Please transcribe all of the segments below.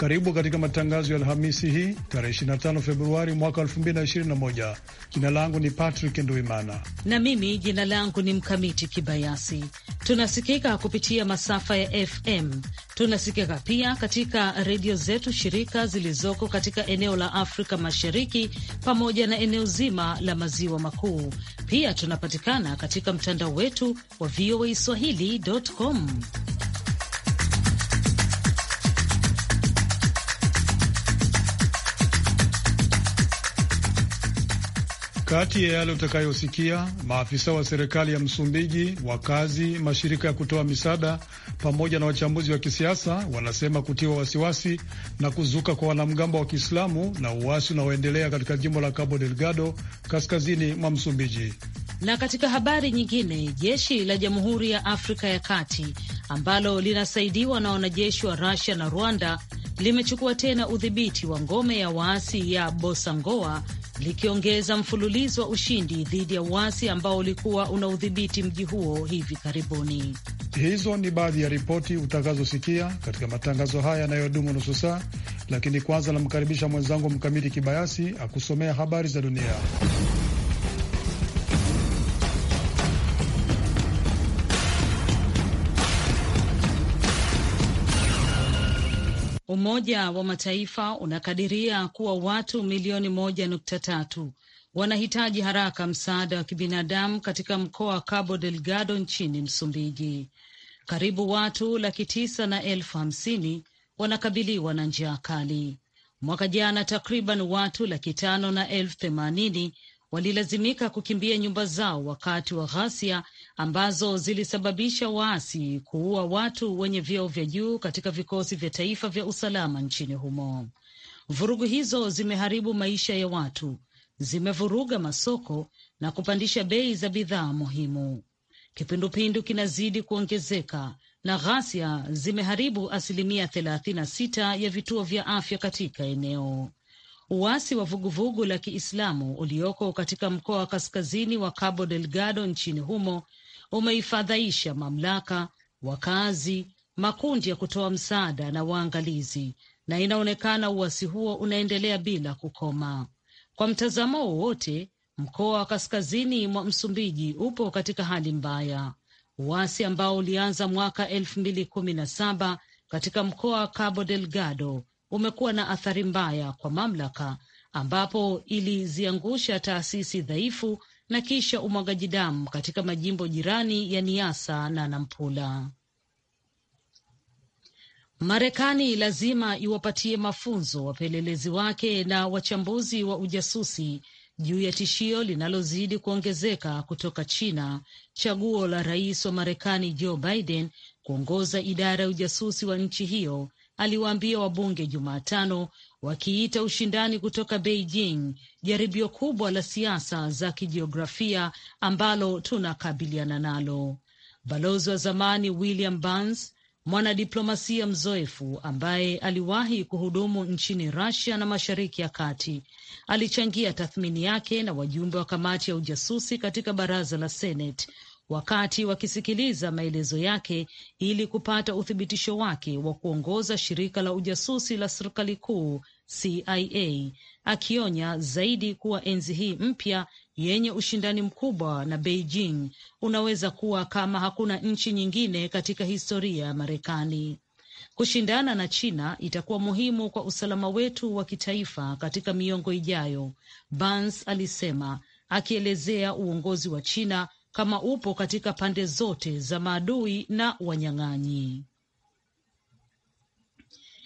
Karibu katika matangazo ya Alhamisi hii tarehe 25 Februari mwaka 2021. Jina langu ni Patrick Nduimana na mimi jina langu ni Mkamiti Kibayasi. Tunasikika kupitia masafa ya FM, tunasikika pia katika redio zetu shirika zilizoko katika eneo la Afrika Mashariki pamoja na eneo zima la Maziwa Makuu. Pia tunapatikana katika mtandao wetu wa VOA swahili.com. Kati ya yale utakayosikia, maafisa wa serikali ya Msumbiji, wakazi, mashirika ya kutoa misaada pamoja na wachambuzi wa kisiasa wanasema kutiwa wasiwasi na kuzuka kwa wanamgambo wa Kiislamu na uasi unaoendelea katika jimbo la Cabo Delgado kaskazini mwa Msumbiji. Na katika habari nyingine, jeshi la Jamhuri ya Afrika ya Kati ambalo linasaidiwa na wanajeshi wa Russia na Rwanda limechukua tena udhibiti wa ngome ya waasi ya Bosangoa likiongeza mfululizo wa ushindi dhidi ya uasi ambao ulikuwa unaudhibiti mji huo hivi karibuni. Hizo ni baadhi ya ripoti utakazosikia katika matangazo haya yanayodumu nusu saa, lakini kwanza namkaribisha mwenzangu Mkamiti Kibayasi akusomea habari za dunia. Umoja wa Mataifa unakadiria kuwa watu milioni moja nukta tatu wanahitaji haraka msaada wa kibinadamu katika mkoa wa Cabo Delgado nchini Msumbiji. Karibu watu laki tisa na elfu hamsini wanakabiliwa na njaa kali. Mwaka jana takriban watu laki tano na elfu themanini walilazimika kukimbia nyumba zao wakati wa ghasia ambazo zilisababisha waasi kuua watu wenye vyeo vya juu katika vikosi vya taifa vya usalama nchini humo. Vurugu hizo zimeharibu maisha ya watu, zimevuruga masoko na kupandisha bei za bidhaa muhimu. Kipindupindu kinazidi kuongezeka na ghasia zimeharibu asilimia 36 ya vituo vya afya katika eneo. Uasi wa vuguvugu la Kiislamu ulioko katika mkoa wa kaskazini wa Cabo Delgado nchini humo umeifadhaisha mamlaka, wakazi, makundi ya kutoa msaada na waangalizi, na inaonekana uasi huo unaendelea bila kukoma. Kwa mtazamo wowote, mkoa wa kaskazini mwa Msumbiji upo katika hali mbaya. Uasi ambao ulianza mwaka elfu mbili kumi na saba katika mkoa wa Cabo Delgado umekuwa na athari mbaya kwa mamlaka ambapo iliziangusha taasisi dhaifu na kisha umwagaji damu katika majimbo jirani ya Niasa na Nampula. Marekani lazima iwapatie mafunzo wapelelezi wake na wachambuzi wa ujasusi juu ya tishio linalozidi kuongezeka kutoka China. Chaguo la rais wa Marekani Joe Biden kuongoza idara ya ujasusi wa nchi hiyo aliwaambia wabunge Jumatano wakiita ushindani kutoka Beijing jaribio kubwa la siasa za kijiografia ambalo tunakabiliana nalo. Balozi wa zamani William Burns, mwanadiplomasia mzoefu ambaye aliwahi kuhudumu nchini Russia na Mashariki ya Kati, alichangia tathmini yake na wajumbe wa kamati ya ujasusi katika baraza la Senate wakati wakisikiliza maelezo yake ili kupata uthibitisho wake wa kuongoza shirika la ujasusi la serikali kuu CIA, akionya zaidi kuwa enzi hii mpya yenye ushindani mkubwa na Beijing unaweza kuwa kama hakuna nchi nyingine katika historia ya Marekani. Kushindana na China itakuwa muhimu kwa usalama wetu wa kitaifa katika miongo ijayo, Burns alisema, akielezea uongozi wa China kama upo katika pande zote za maadui na wanyang'anyi.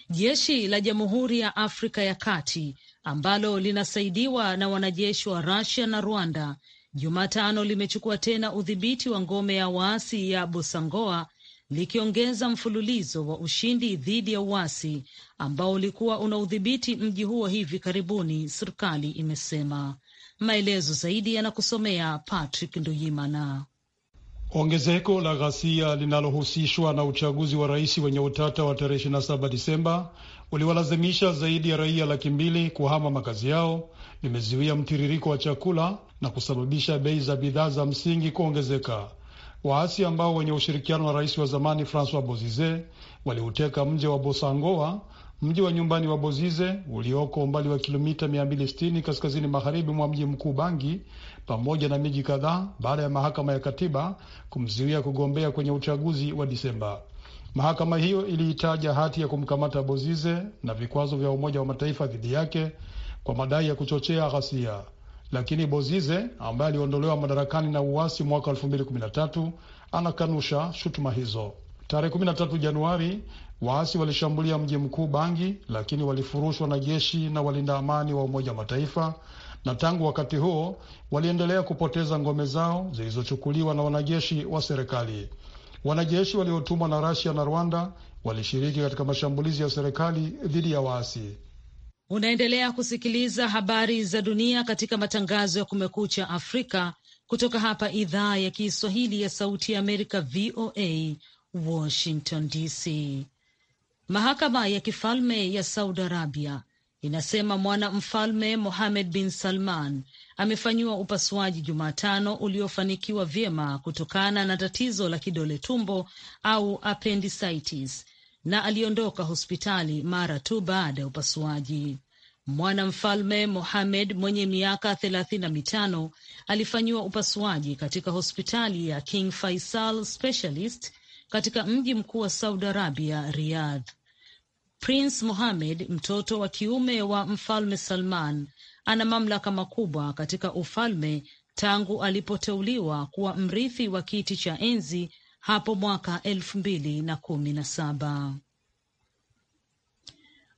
Jeshi la Jamhuri ya Afrika ya Kati ambalo linasaidiwa na wanajeshi wa rasia na Rwanda Jumatano limechukua tena udhibiti wa ngome ya waasi ya Bosangoa likiongeza mfululizo wa ushindi dhidi ya uasi ambao ulikuwa una udhibiti mji huo hivi karibuni, serikali imesema. Maelezo zaidi yanakusomea Patrick Nduyimana. Ongezeko la ghasia linalohusishwa na uchaguzi wa rais wenye utata wa tarehe 27 Disemba uliwalazimisha zaidi ya raia laki mbili kuhama makazi yao, limezuia mtiririko wa chakula na kusababisha bei za bidhaa za msingi kuongezeka. Waasi ambao wenye ushirikiano wa rais wa zamani Francois Bozize waliuteka mji wa Bosangoa Mji wa nyumbani wa Bozize ulioko umbali wa kilomita 260 kaskazini magharibi mwa mji mkuu Bangi, pamoja na miji kadhaa, baada ya mahakama ya katiba kumzuia kugombea kwenye uchaguzi wa Disemba. Mahakama hiyo iliitaja hati ya kumkamata Bozize na vikwazo vya Umoja wa Mataifa dhidi yake kwa madai ya kuchochea ghasia, lakini Bozize ambaye aliondolewa madarakani na uasi mwaka 2013 anakanusha shutuma hizo. Tarehe 13 Januari, Waasi walishambulia mji mkuu Bangi, lakini walifurushwa na jeshi na walinda amani wa Umoja wa Mataifa, na tangu wakati huo waliendelea kupoteza ngome zao zilizochukuliwa na wanajeshi wa serikali. Wanajeshi waliotumwa na Rasia na Rwanda walishiriki katika mashambulizi ya serikali dhidi ya waasi. Unaendelea kusikiliza habari za dunia katika matangazo ya Kumekucha Afrika kutoka hapa idhaa ya Kiswahili ya Sauti ya Amerika, VOA, Washington DC. Mahakama ya kifalme ya Saudi Arabia inasema mwana mfalme Mohamed bin Salman amefanyiwa upasuaji Jumatano uliofanikiwa vyema kutokana na tatizo la kidole tumbo au appendicitis, na aliondoka hospitali mara tu baada ya upasuaji. Mwanamfalme Mohamed mwenye miaka thelathini na mitano alifanyiwa upasuaji katika hospitali ya King Faisal Specialist katika mji mkuu wa Saudi Arabia, Riyadh. Prince Mohammed, mtoto wa kiume wa Mfalme Salman, ana mamlaka makubwa katika ufalme tangu alipoteuliwa kuwa mrithi wa kiti cha enzi hapo mwaka elfu mbili na kumi na saba.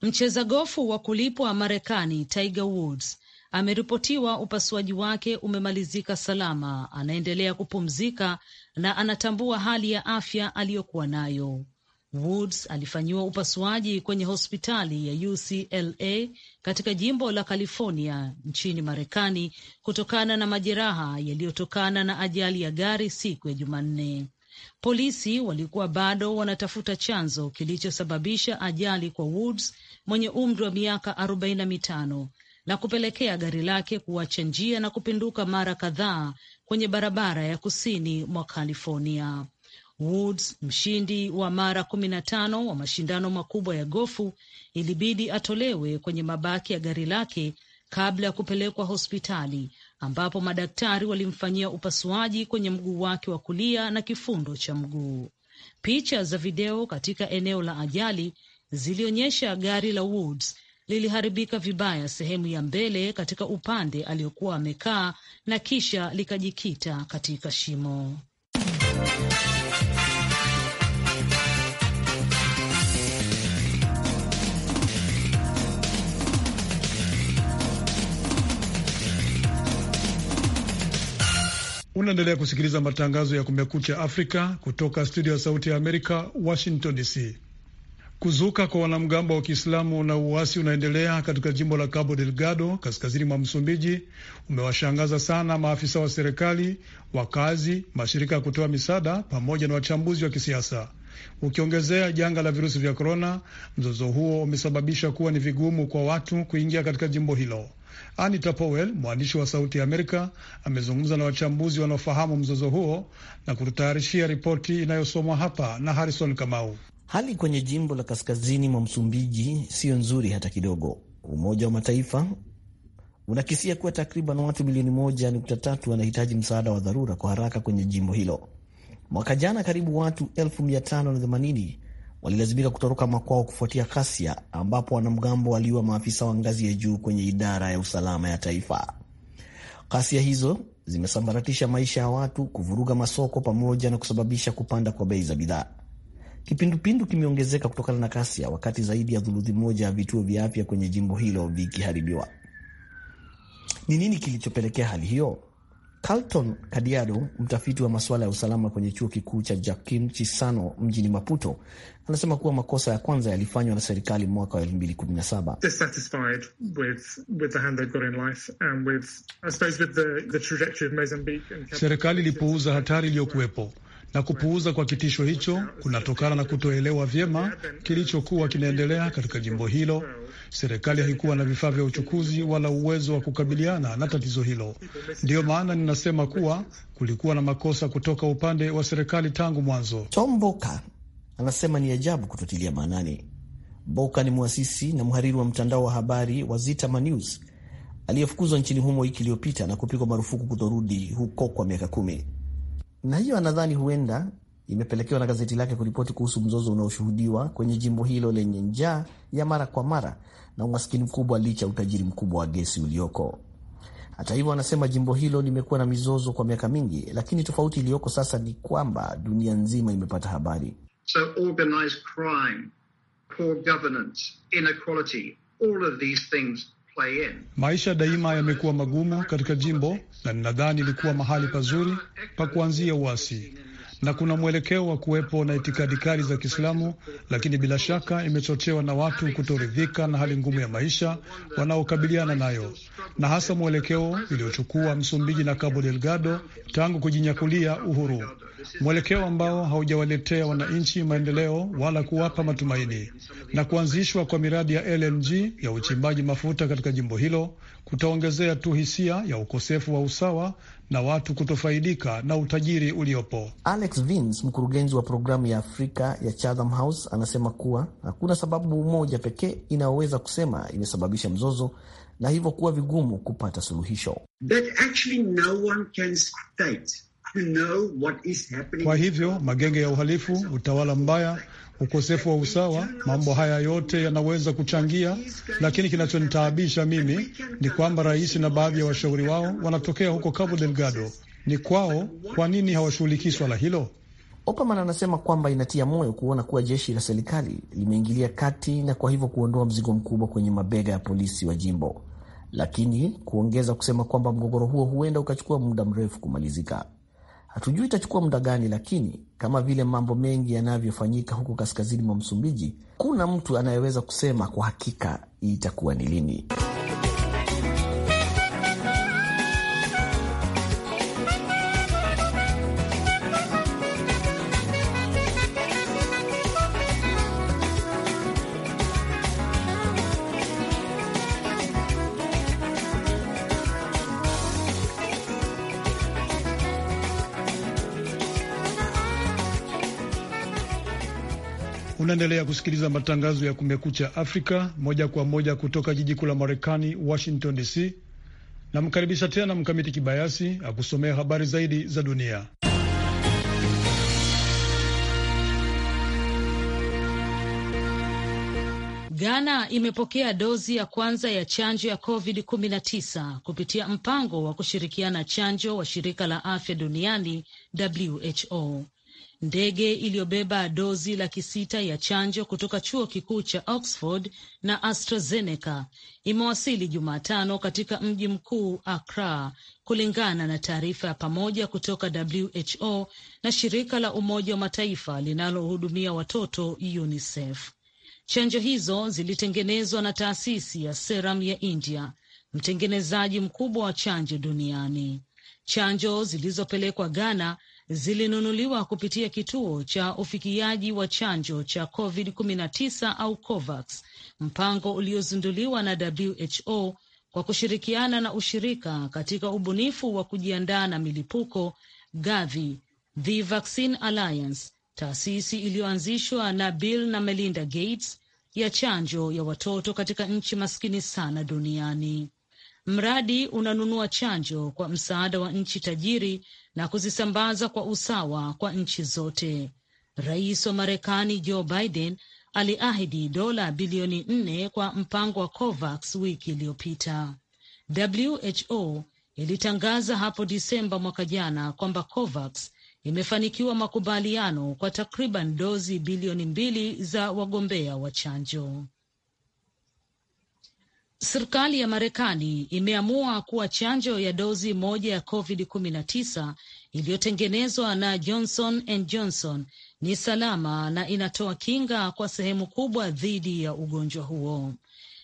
Mcheza gofu wa kulipwa Marekani Tiger Woods ameripotiwa upasuaji wake umemalizika salama, anaendelea kupumzika na anatambua hali ya afya aliyokuwa nayo. Woods alifanyiwa upasuaji kwenye hospitali ya UCLA katika jimbo la California nchini Marekani kutokana na majeraha yaliyotokana na ajali ya gari siku ya Jumanne. Polisi walikuwa bado wanatafuta chanzo kilichosababisha ajali kwa Woods mwenye umri wa miaka arobaini na mitano na kupelekea gari lake kuacha njia na kupinduka mara kadhaa kwenye barabara ya kusini mwa California. Woods, mshindi wa mara kumi na tano wa mashindano makubwa ya gofu, ilibidi atolewe kwenye mabaki ya gari lake kabla ya kupelekwa hospitali ambapo madaktari walimfanyia upasuaji kwenye mguu wake wa kulia na kifundo cha mguu. Picha za video katika eneo la ajali zilionyesha gari la Woods liliharibika vibaya sehemu ya mbele katika upande aliyokuwa amekaa na kisha likajikita katika shimo. Unaendelea kusikiliza matangazo ya Kumekucha Afrika kutoka studio ya Sauti ya Amerika, Washington DC. Kuzuka kwa wanamgambo wa Kiislamu na uasi unaendelea katika jimbo la Cabo Delgado kaskazini mwa Msumbiji umewashangaza sana maafisa wa serikali, wakazi, mashirika ya kutoa misaada pamoja na wachambuzi wa kisiasa. Ukiongezea janga la virusi vya korona, mzozo huo umesababisha kuwa ni vigumu kwa watu kuingia katika jimbo hilo. Anita Powell, mwandishi wa Sauti ya Amerika, amezungumza na wachambuzi wanaofahamu mzozo huo na kututayarishia ripoti inayosomwa hapa na Harrison Kamau. Hali kwenye jimbo la kaskazini mwa Msumbiji siyo nzuri hata kidogo. Umoja wa Mataifa unakisia kuwa takriban watu milioni tatu wanahitaji msaada wa dharura kwa haraka kwenye jimbo hilo. Mwaka jana karibu watu themanini walilazimika kutoroka makwao kufuatia ghasia, ambapo wanamgambo waliua maafisa wa ngazi ya juu kwenye idara ya usalama ya taifa. Ghasia hizo zimesambaratisha maisha ya watu, kuvuruga masoko, pamoja na kusababisha kupanda kwa bei za bidhaa. Kipindupindu kimeongezeka kutokana na kasi ya wakati, zaidi ya thuluthi moja ya vituo vya afya kwenye jimbo hilo vikiharibiwa. Ni nini kilichopelekea hali hiyo? Carlton Kadiado, mtafiti wa masuala ya usalama kwenye chuo kikuu cha Joaquim Chissano mjini Maputo, anasema kuwa makosa ya kwanza yalifanywa na serikali mwaka wa 2017. Serikali ilipuuza hatari iliyokuwepo na kupuuza kwa kitisho hicho kunatokana na kutoelewa vyema kilichokuwa kinaendelea katika jimbo hilo. Serikali haikuwa na vifaa vya uchukuzi wala uwezo wa kukabiliana na tatizo hilo. Ndiyo maana ninasema kuwa kulikuwa na makosa kutoka upande wa serikali tangu mwanzo. Tom Boka anasema ni ajabu kutotilia maanani. Boka ni mwasisi na mhariri wa mtandao wa habari wa Zitama News aliyefukuzwa nchini humo wiki iliyopita na kupigwa marufuku kutorudi huko kwa miaka kumi na hiyo anadhani huenda imepelekewa na gazeti lake kuripoti kuhusu mzozo unaoshuhudiwa kwenye jimbo hilo lenye njaa ya mara kwa mara na umaskini mkubwa licha ya utajiri mkubwa wa gesi ulioko. Hata hivyo, anasema jimbo hilo limekuwa na mizozo kwa miaka mingi, lakini tofauti iliyoko sasa ni kwamba dunia nzima imepata habari. So organized crime, poor governance, inequality, all of these things Maisha daima yamekuwa magumu katika jimbo, na ninadhani ilikuwa mahali pazuri pa kuanzia uasi na kuna mwelekeo wa kuwepo na itikadi kali za Kiislamu, lakini bila shaka imechochewa na watu kutoridhika na hali ngumu ya maisha wanaokabiliana nayo, na hasa mwelekeo iliyochukua Msumbiji na Cabo Delgado tangu kujinyakulia uhuru, mwelekeo ambao haujawaletea wananchi maendeleo wala kuwapa matumaini. Na kuanzishwa kwa miradi ya LNG ya uchimbaji mafuta katika jimbo hilo kutaongezea tu hisia ya ukosefu wa usawa na watu kutofaidika na utajiri uliopo. Alex Vins, mkurugenzi wa programu ya Afrika ya Chatham House, anasema kuwa hakuna sababu moja pekee inayoweza kusema imesababisha mzozo na hivyo kuwa vigumu kupata suluhisho. Kwa hivyo magenge ya uhalifu, utawala mbaya ukosefu wa usawa. Mambo haya yote yanaweza kuchangia, lakini kinachonitaabisha mimi ni kwamba rais na baadhi ya washauri wao wanatokea huko Cabo Delgado. Ni kwao, kwa nini hawashughulikii swala hilo? Operman anasema kwamba inatia moyo kuona kuwa jeshi la serikali limeingilia kati na kwa hivyo kuondoa mzigo mkubwa kwenye mabega ya polisi wa jimbo, lakini kuongeza kusema kwamba mgogoro huo huenda ukachukua muda mrefu kumalizika. Hatujui itachukua muda gani, lakini kama vile mambo mengi yanavyofanyika huko kaskazini mwa Msumbiji, kuna mtu anayeweza kusema kwa hakika itakuwa ni lini. Unaendelea kusikiliza matangazo ya Kumekucha Afrika moja kwa moja kutoka jiji kuu la Marekani, Washington DC. Namkaribisha tena Mkamiti Kibayasi akusomea habari zaidi za dunia. Ghana imepokea dozi ya kwanza ya chanjo ya COVID-19 kupitia mpango wa kushirikiana chanjo wa shirika la afya duniani WHO ndege iliyobeba dozi laki sita ya chanjo kutoka chuo kikuu cha Oxford na AstraZeneca imewasili Jumatano katika mji mkuu Accra, kulingana na taarifa ya pamoja kutoka WHO na shirika la Umoja wa Mataifa linalohudumia watoto UNICEF. Chanjo hizo zilitengenezwa na taasisi ya Serum ya India, mtengenezaji mkubwa wa chanjo duniani. Chanjo zilizopelekwa Ghana zilinunuliwa kupitia kituo cha ufikiaji wa chanjo cha COVID-19 au COVAX, mpango uliozinduliwa na WHO kwa kushirikiana na ushirika katika ubunifu wa kujiandaa na milipuko Gavi, The Vaccine Alliance, taasisi iliyoanzishwa na Bill na Melinda Gates ya chanjo ya watoto katika nchi maskini sana duniani. Mradi unanunua chanjo kwa msaada wa nchi tajiri na kuzisambaza kwa usawa kwa nchi zote. Rais wa Marekani Joe Biden aliahidi dola bilioni nne kwa mpango wa COVAX wiki iliyopita. WHO ilitangaza hapo Disemba mwaka jana kwamba COVAX imefanikiwa makubaliano kwa takriban dozi bilioni mbili za wagombea wa chanjo. Serikali ya Marekani imeamua kuwa chanjo ya dozi moja ya COVID-19 iliyotengenezwa na Johnson and Johnson ni salama na inatoa kinga kwa sehemu kubwa dhidi ya ugonjwa huo.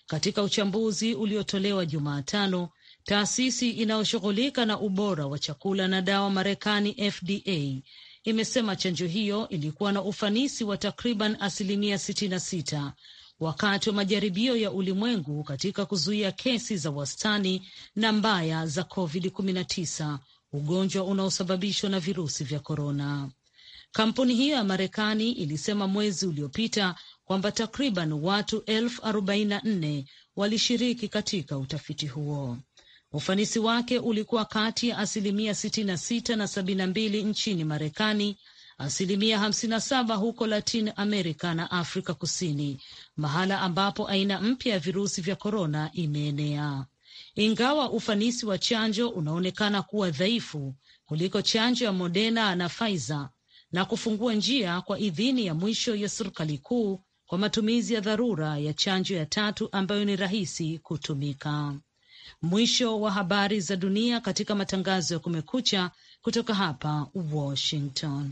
Katika uchambuzi uliotolewa Jumatano, taasisi inayoshughulika na ubora wa chakula na dawa Marekani, FDA, imesema chanjo hiyo ilikuwa na ufanisi wa takriban asilimia 66 wakati wa majaribio ya ulimwengu katika kuzuia kesi za wastani na mbaya za COVID-19, ugonjwa unaosababishwa na virusi vya korona. Kampuni hiyo ya Marekani ilisema mwezi uliopita kwamba takriban watu elfu arobaini na nne walishiriki katika utafiti huo. Ufanisi wake ulikuwa kati ya asilimia 66 na mbili nchini Marekani asilimia 57 huko Latin America na Afrika Kusini, mahala ambapo aina mpya ya virusi vya korona imeenea. Ingawa ufanisi wa chanjo unaonekana kuwa dhaifu kuliko chanjo ya Moderna na Pfizer na kufungua njia kwa idhini ya mwisho ya serikali kuu kwa matumizi ya dharura ya chanjo ya tatu ambayo ni rahisi kutumika. Mwisho wa habari za dunia katika matangazo ya Kumekucha kutoka hapa Washington.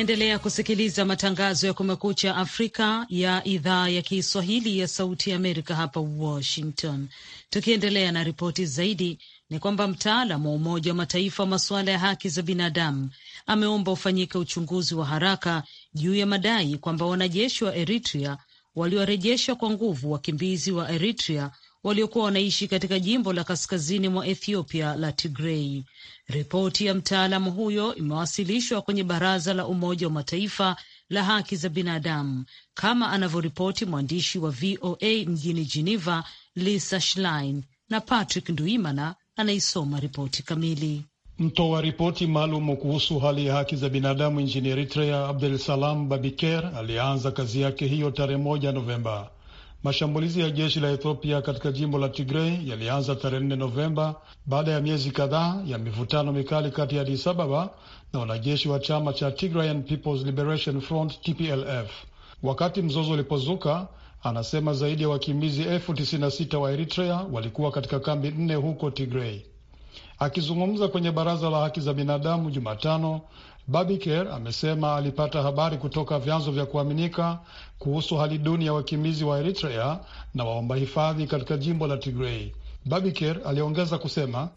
Unaendelea kusikiliza matangazo ya Kumekucha Afrika ya idhaa ya Kiswahili ya Sauti ya Amerika hapa Washington. Tukiendelea na ripoti zaidi, ni kwamba mtaalam wa Umoja wa Mataifa wa masuala ya haki za binadamu ameomba ufanyike uchunguzi wa haraka juu ya madai kwamba wanajeshi wa Eritrea waliwarejesha kwa nguvu wakimbizi wa Eritrea waliokuwa wanaishi katika jimbo la kaskazini mwa Ethiopia la Tigrei. Ripoti ya mtaalamu huyo imewasilishwa kwenye Baraza la Umoja wa Mataifa la Haki za Binadamu, kama anavyoripoti mwandishi wa VOA mjini Geneva, Lisa Schlein, na Patrick Nduimana anaisoma ripoti kamili. Mtoa ripoti maalum kuhusu hali ya haki za binadamu nchini Eritrea, Abdel Salam Babiker, alianza kazi yake hiyo tarehe moja Novemba. Mashambulizi ya jeshi la Ethiopia katika jimbo la Tigrei yalianza tarehe 4 Novemba baada ya miezi kadhaa ya mivutano mikali kati ya Addis Ababa na wanajeshi wa chama cha Tigrayan People's Liberation Front TPLF. Wakati mzozo ulipozuka, anasema zaidi ya wakimbizi elfu tisini na sita wa Eritrea walikuwa katika kambi nne huko Tigrei. Akizungumza kwenye baraza la haki za binadamu Jumatano, Babiker amesema alipata habari kutoka vyanzo vya kuaminika kuhusu hali duni ya wakimbizi wa Eritrea na waomba hifadhi katika jimbo la Tigrei. Babiker aliongeza kusema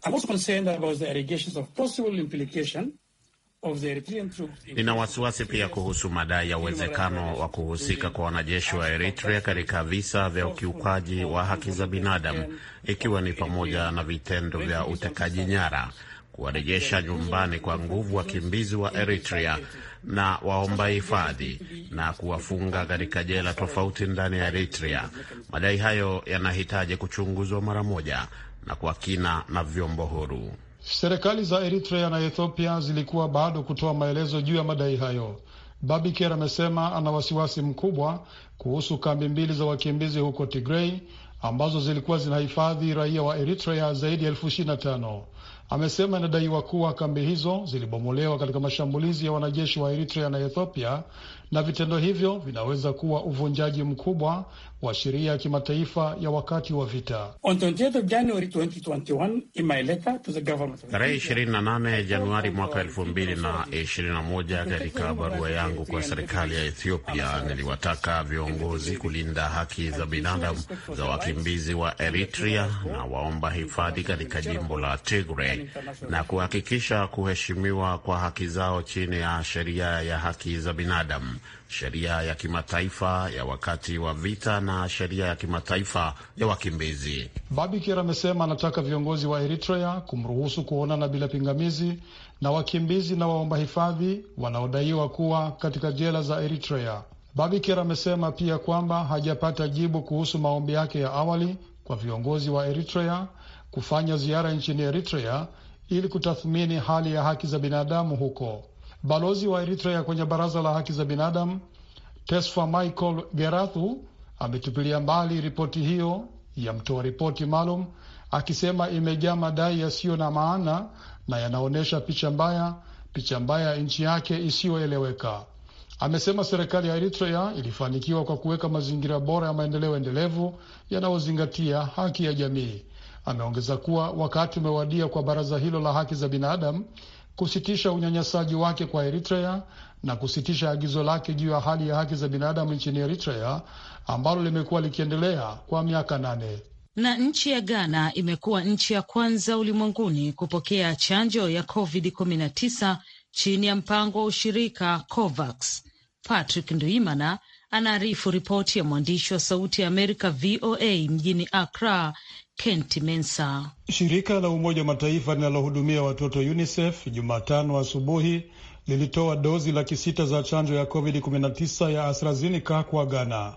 Nina wasiwasi pia kuhusu madai ya uwezekano wa kuhusika kwa wanajeshi wa Eritrea katika visa vya ukiukaji wa haki za binadamu, ikiwa ni pamoja na vitendo vya utekaji nyara kuwarejesha nyumbani kwa nguvu wakimbizi wa Eritrea na waomba hifadhi na kuwafunga katika jela tofauti ndani ya Eritrea. Madai hayo yanahitaji kuchunguzwa mara moja na kwa kina na vyombo huru. Serikali za Eritrea na Ethiopia zilikuwa bado kutoa maelezo juu ya madai hayo. Babiker amesema ana wasiwasi mkubwa kuhusu kambi mbili za wakimbizi huko Tigrei ambazo zilikuwa zinahifadhi raia wa Eritrea zaidi ya elfu ishirini na tano amesema inadaiwa kuwa kambi hizo zilibomolewa katika mashambulizi ya wanajeshi wa Eritrea na Ethiopia, na vitendo hivyo vinaweza kuwa uvunjaji mkubwa wa sheria ya kimataifa ya wakati wa vita. Tarehe 28 Januari mwaka 2021, katika barua yangu kwa serikali ya Ethiopia niliwataka viongozi kulinda haki za binadamu za wakimbizi wa Eritrea na waomba hifadhi katika jimbo la Tigray na kuhakikisha kuheshimiwa kwa haki zao chini ya sheria ya haki za binadamu, sheria ya kimataifa ya wakati wa vita na sheria ya kimataifa ya wakimbizi. Babikir amesema anataka viongozi wa Eritrea kumruhusu kuonana bila pingamizi na wakimbizi na waomba hifadhi wanaodaiwa kuwa katika jela za Eritrea. Babikir amesema pia kwamba hajapata jibu kuhusu maombi yake ya awali kwa viongozi wa Eritrea kufanya ziara nchini Eritrea ili kutathmini hali ya haki za binadamu huko. Balozi wa Eritrea kwenye baraza la haki za binadamu Tesfa Michael Gerathu ametupilia mbali ripoti hiyo ya mtoa ripoti maalum akisema imejaa madai yasiyo na maana na yanaonyesha picha mbaya, picha mbaya ya nchi yake isiyoeleweka. Amesema serikali ya Eritrea ilifanikiwa kwa kuweka mazingira bora ya maendeleo endelevu yanayozingatia haki ya jamii. Ameongeza kuwa wakati umewadia kwa baraza hilo la haki za binadamu kusitisha unyanyasaji wake kwa Eritrea na kusitisha agizo lake juu ya hali ya haki za binadamu nchini Eritrea ambalo limekuwa likiendelea kwa miaka nane. Na nchi ya Ghana imekuwa nchi ya kwanza ulimwenguni kupokea chanjo ya COVID-19 chini ya mpango wa ushirika COVAX. Patrick Nduimana anaarifu ripoti ya mwandishi wa Sauti ya Amerika VOA mjini Accra Kent Mensa. Shirika la Umoja wa Mataifa linalohudumia watoto UNICEF Jumatano asubuhi lilitoa dozi laki sita za chanjo ya COVID-19 ya AstraZeneca kwa Ghana.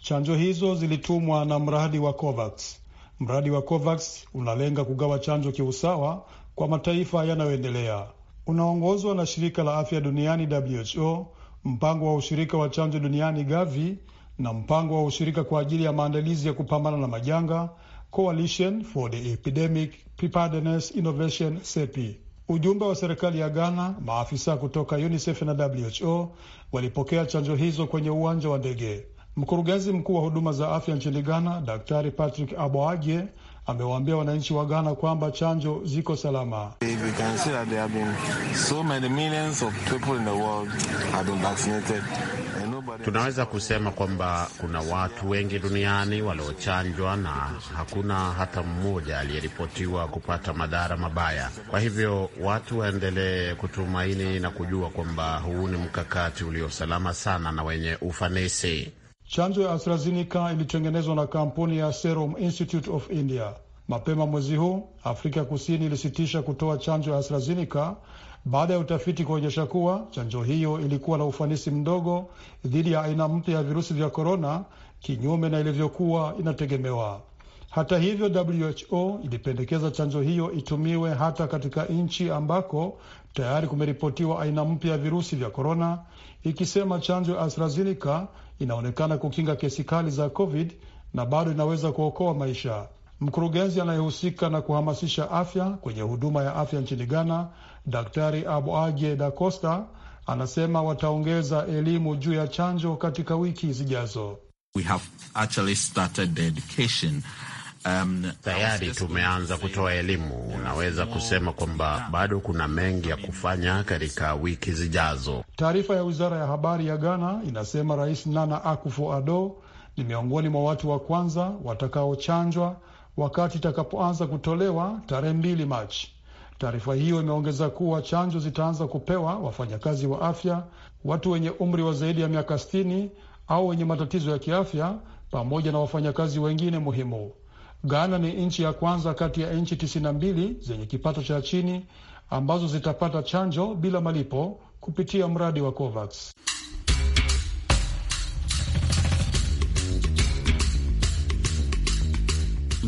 Chanjo hizo zilitumwa na mradi wa COVAX. Mradi wa COVAX unalenga kugawa chanjo kiusawa kwa mataifa yanayoendelea, unaongozwa na shirika la afya duniani WHO, mpango wa ushirika wa chanjo duniani GAVI na mpango wa ushirika kwa ajili ya maandalizi ya kupambana na majanga Coalition for the Epidemic Preparedness Innovation CEPI. Ujumbe wa serikali ya Ghana, maafisa kutoka UNICEF na WHO walipokea chanjo hizo kwenye uwanja wa ndege. Mkurugenzi mkuu wa huduma za afya nchini Ghana, Daktari Patrick Aboagye amewaambia wananchi wa Ghana kwamba chanjo ziko salama. So tunaweza kusema kwamba kuna watu wengi duniani waliochanjwa na hakuna hata mmoja aliyeripotiwa kupata madhara mabaya. Kwa hivyo watu waendelee kutumaini na kujua kwamba huu ni mkakati uliosalama sana na wenye ufanisi. Chanjo ya AstraZeneca ilitengenezwa na kampuni ya Serum Institute of India. Mapema mwezi huu Afrika Kusini ilisitisha kutoa chanjo ya AstraZeneca baada ya utafiti kuonyesha kuwa chanjo hiyo ilikuwa na ufanisi mdogo dhidi ya aina mpya ya virusi vya korona, kinyume na ilivyokuwa inategemewa. Hata hivyo, WHO ilipendekeza chanjo hiyo itumiwe hata katika nchi ambako tayari kumeripotiwa aina mpya ya virusi vya korona, ikisema chanjo ya AstraZeneca inaonekana kukinga kesi kali za COVID na bado inaweza kuokoa maisha. Mkurugenzi anayehusika na kuhamasisha afya kwenye huduma ya afya nchini Ghana, Daktari Aboagye Da Costa, anasema wataongeza elimu juu ya chanjo katika wiki zijazo. Um, tayari tumeanza kutoa elimu. Unaweza kusema kwamba bado kuna mengi ya kufanya katika wiki zijazo. Taarifa ya wizara ya habari ya Ghana inasema Rais Nana akufo ado ni miongoni mwa watu wa kwanza watakaochanjwa wakati itakapoanza kutolewa tarehe mbili Machi. Taarifa hiyo imeongeza kuwa chanjo zitaanza kupewa wafanyakazi wa afya, watu wenye umri wa zaidi ya miaka sitini au wenye matatizo ya kiafya, pamoja na wafanyakazi wengine muhimu. Ghana ni nchi ya kwanza kati ya nchi 92 zenye kipato cha chini ambazo zitapata chanjo bila malipo kupitia mradi wa COVAX.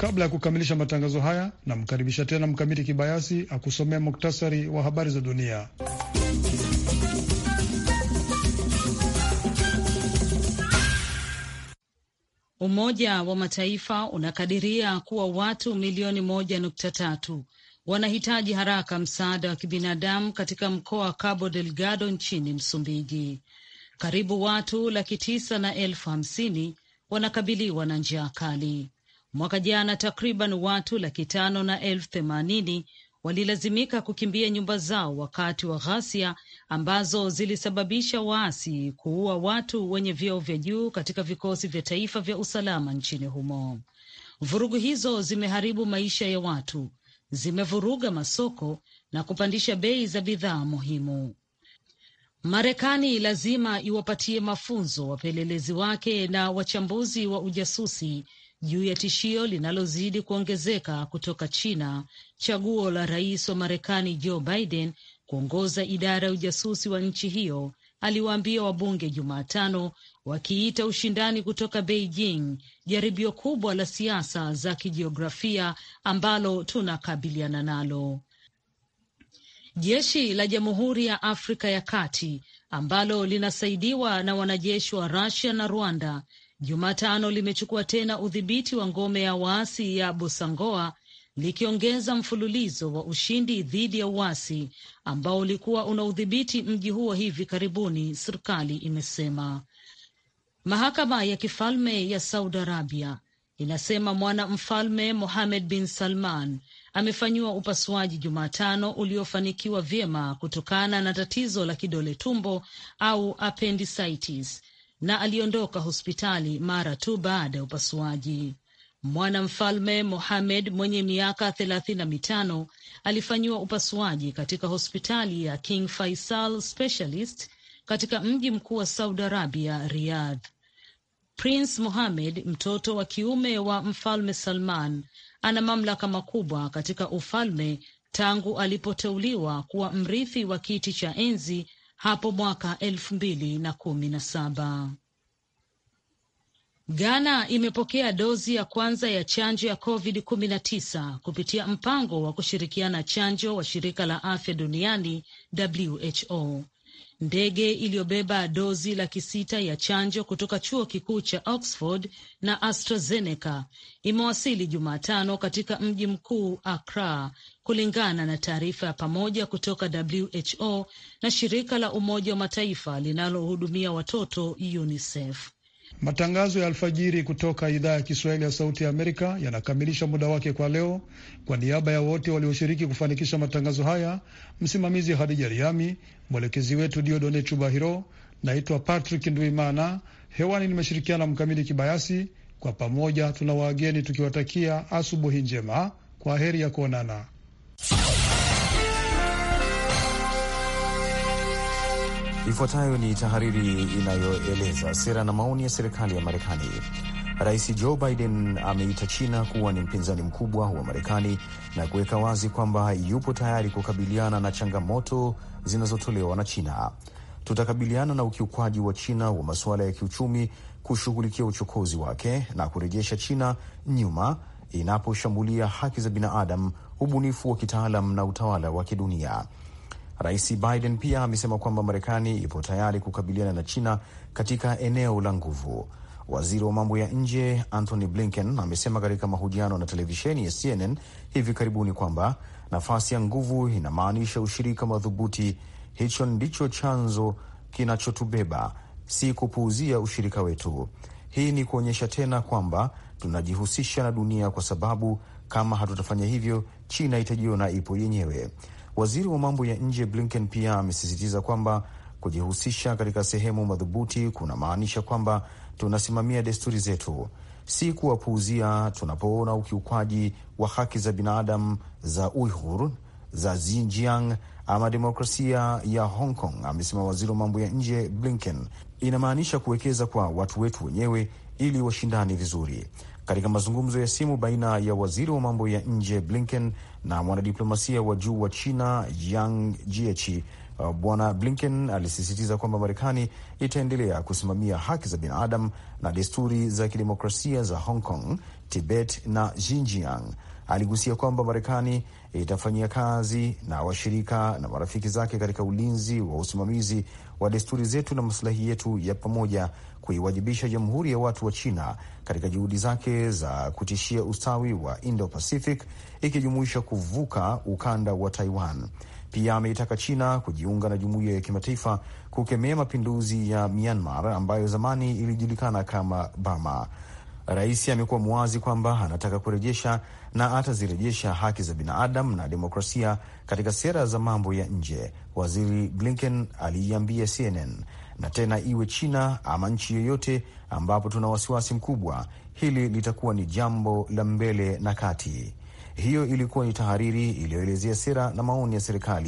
Kabla ya kukamilisha matangazo haya, namkaribisha tena Mkamiti Kibayasi akusomea muktasari wa habari za dunia. Umoja wa Mataifa unakadiria kuwa watu milioni moja nukta tatu wanahitaji haraka msaada wa kibinadamu katika mkoa wa Cabo Delgado nchini Msumbiji. Karibu watu laki tisa na elfu hamsini wanakabiliwa na njaa kali. Mwaka jana takriban watu laki tano na elfu themanini walilazimika kukimbia nyumba zao wakati wa ghasia ambazo zilisababisha waasi kuua watu wenye vyeo vya juu katika vikosi vya taifa vya usalama nchini humo. Vurugu hizo zimeharibu maisha ya watu, zimevuruga masoko na kupandisha bei za bidhaa muhimu. Marekani lazima iwapatie mafunzo wapelelezi wake na wachambuzi wa ujasusi juu ya tishio linalozidi kuongezeka kutoka China, chaguo la rais wa Marekani Joe Biden kuongoza idara ya ujasusi wa nchi hiyo, aliwaambia wabunge Jumatano, wakiita ushindani kutoka Beijing jaribio kubwa la siasa za kijiografia ambalo tunakabiliana nalo. Jeshi la Jamhuri ya Afrika ya Kati ambalo linasaidiwa na wanajeshi wa rasia na Rwanda Jumatano limechukua tena udhibiti wa ngome ya waasi ya Bosangoa likiongeza mfululizo wa ushindi dhidi ya uasi ambao ulikuwa una udhibiti mji huo hivi karibuni, serikali imesema. Mahakama ya kifalme ya Saudi Arabia inasema mwana mfalme Mohammed bin Salman amefanyiwa upasuaji Jumatano uliofanikiwa vyema kutokana na tatizo la kidole tumbo au appendicitis na aliondoka hospitali mara tu baada ya upasuaji. Mwanamfalme Mohamed mwenye miaka thelathini na mitano alifanyiwa upasuaji katika hospitali ya King Faisal Specialist katika mji mkuu wa Saudi Arabia, Riyadh. Prince Mohamed, mtoto wa kiume wa Mfalme Salman, ana mamlaka makubwa katika ufalme tangu alipoteuliwa kuwa mrithi wa kiti cha enzi hapo mwaka elfu mbili na kumi na saba. Ghana imepokea dozi ya kwanza ya chanjo ya COVID-19 kupitia mpango wa kushirikiana chanjo wa shirika la afya duniani WHO. Ndege iliyobeba dozi laki sita ya chanjo kutoka chuo kikuu cha Oxford na AstraZeneca imewasili Jumatano katika mji mkuu Accra, kulingana na taarifa ya pamoja kutoka WHO na shirika la Umoja wa Mataifa linalohudumia watoto UNICEF. Matangazo ya alfajiri kutoka idhaa ya Kiswahili ya Sauti ya Amerika yanakamilisha muda wake kwa leo. Kwa niaba ya wote walioshiriki kufanikisha matangazo haya, msimamizi Hadija Riami, mwelekezi wetu Diodone Chubahiro. Naitwa Patrick Ndwimana, hewani nimeshirikiana Mkamili Kibayasi. Kwa pamoja tuna wageni tukiwatakia asubuhi njema. Kwa heri ya kuonana. Ifuatayo ni tahariri inayoeleza sera na maoni ya serikali ya Marekani. Rais Joe Biden ameita China kuwa ni mpinzani mkubwa wa Marekani na kuweka wazi kwamba yupo tayari kukabiliana na changamoto zinazotolewa na China. Tutakabiliana na ukiukwaji wa China wa masuala ya kiuchumi, kushughulikia uchokozi wake na kurejesha China nyuma inaposhambulia haki za binadamu, ubunifu wa kitaalam na utawala wa kidunia. Rais Biden pia amesema kwamba Marekani ipo tayari kukabiliana na China katika eneo la nguvu. Waziri wa mambo ya nje Anthony Blinken amesema katika mahojiano na televisheni ya CNN hivi karibuni kwamba nafasi ya nguvu inamaanisha ushirika madhubuti. Hicho ndicho chanzo kinachotubeba, si kupuuzia ushirika wetu. Hii ni kuonyesha tena kwamba tunajihusisha na dunia, kwa sababu kama hatutafanya hivyo, China itajiona ipo yenyewe. Waziri wa mambo ya nje Blinken pia amesisitiza kwamba kujihusisha katika sehemu madhubuti kuna maanisha kwamba tunasimamia desturi zetu, si kuwapuuzia tunapoona ukiukwaji wa haki za binadamu za Uighur za Xinjiang ama demokrasia ya Hong Kong, amesema waziri wa mambo ya nje Blinken. Inamaanisha kuwekeza kwa watu wetu wenyewe ili washindane vizuri. Katika mazungumzo ya simu baina ya waziri wa mambo ya nje Blinken na mwanadiplomasia wa juu wa China Yang Jiechi. Uh, Bwana Blinken alisisitiza kwamba Marekani itaendelea kusimamia haki za binadamu na desturi za kidemokrasia za Hong Kong, Tibet na Xinjiang. Aligusia kwamba Marekani itafanyia kazi na washirika na marafiki zake katika ulinzi wa usimamizi wa desturi zetu na masilahi yetu ya pamoja kuiwajibisha Jamhuri ya Watu wa China katika juhudi zake za kutishia ustawi wa Indo-Pacific ikijumuisha kuvuka ukanda wa Taiwan. Pia ameitaka China kujiunga na jumuiya ya kimataifa kukemea mapinduzi ya Myanmar ambayo zamani ilijulikana kama Burma. Rais amekuwa mwazi kwamba anataka kurejesha na atazirejesha haki za binadamu na demokrasia katika sera za mambo ya nje, Waziri Blinken aliiambia CNN. Na tena iwe China ama nchi yoyote ambapo tuna wasiwasi mkubwa, hili litakuwa ni jambo la mbele na kati. Hiyo ilikuwa ni tahariri iliyoelezea sera na maoni ya serikali.